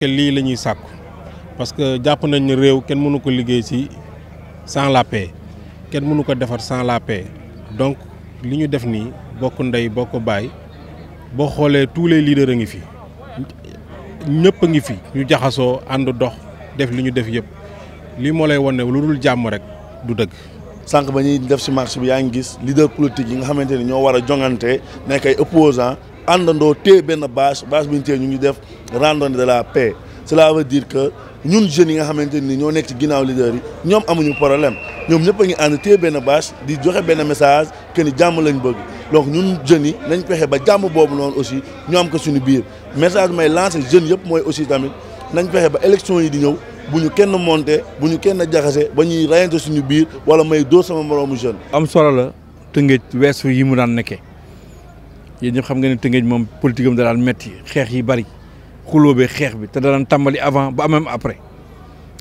que lii la ñuy sàkku parce que jàpp nañ ne réew kenn mënu ko liggéey ci sans la paix kenn mënu ko defar sans la paix donc li ñu def nii bokk ndey bokk baay boo xoolee tous les leaders a ngi fi ñëpp a ngi fi ñu jaxasoo ànd dox def li ñu def yëpp lii moo lay wan ne lu dul jàmm rek du dëgg. sànq ba ñuy def ci marche bi yaa ngi gis leader politique yi nga xamante ni ñoo war a jongante nekk ay opposants àndandoo téye benn bâche bâche bi ñu téye ñu ngi def randonnée de la paix cela veut dire que ñun jeunes yi nga xamante ni ñoo nekk ci ginnaaw leader yi ñoom amuñu problème ñoom ñëpp ñu ngi ànd benn bâche di joxe benn message que ni jàmm lañ bëgg donc ñun jeunes yi nañ fexe ba jàmm boobu noonu aussi ñu am ko suñu biir message may lancé jeunes yëpp mooy aussi tamit nañ fexe ba élection yi di ñëw bu ñu kenn monté bu ñu kenn jaxase ba ñuy rayante suñu biir wala may dóor sama moroomu jeune. am solo la Tëngéej weesu yi mu daan nekkee. yéen ñëpp xam nga ne Tëngéej moom politique am da daan metti xeex yi bari xuloo bee xeex bi te da daan tàmbali avant ba même après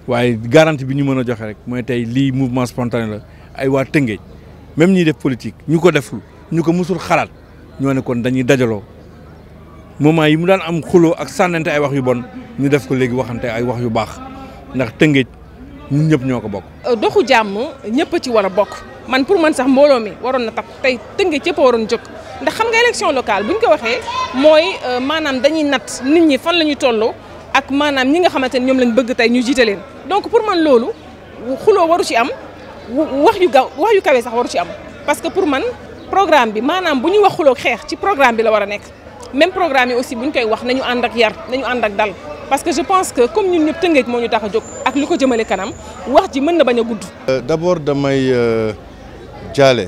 waaye garantie bi ñu mën a joxe rek mooy tey lii mouvement spontané la ay waa Tëngéej même ñii def politique ñu ko deful ñu ko musul xalaat ñoo ne kon dañuy dajaloo moment yi mu daan am xuloo ak sànnante ay wax yu bon ñu def ko léegi waxante ay wax yu baax ndax Tëngéej ñun ñëpp ñoo ko bokk. doxu jàmm ñëpp ci war a bokk man pour man sax mbooloo mi waroon na tax tey Tëngéej yëpp a waroon jóg. ndax xam nga élection locale bu ñu ko waxee mooy euh, maanaam dañuy nat nit ñi fan la ñuy tolloo ak maanaam ñi nga xamante ne ñoom lañ bëgg tey ñu jiite leen donc pour man loolu xuloo waru ci am wax yu gaw wax yu kawee sax waru ci am parce que pour man programme bi maanaam bu ñu wax xuloo xeex ci programme bi la war a nekk même programme yi aussi bu ñu koy wax nañu ànd ak yar nañu ànd ak dal parce que je pense que comme ñun ñëpp Tëngéej moo ñu tax a jóg ak lu ko jëmale kanam wax ji mën na bañ a gudd euh, d'abord damay euh, jaale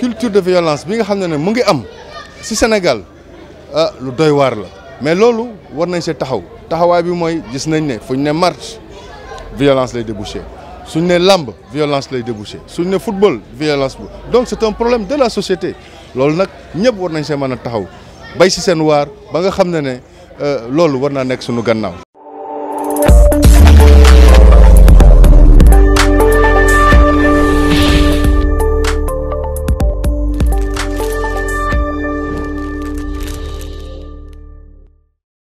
culture de violence bi nga xamné ne mu ngi am ci Sénégal euh lu doy war la mais lolu war nañ ci taxaw taxaway bi moy gis nañ né fu ñu marche violence lay déboucher suñ né làmb violence lay déboucher suñ né football violence bu donc c'est un problème de la société lolu nak ñëpp war nañ ci mëna taxaw bay ci sen war ba nga xamné ne ne euh, lolu war na nek suñu gannaaw.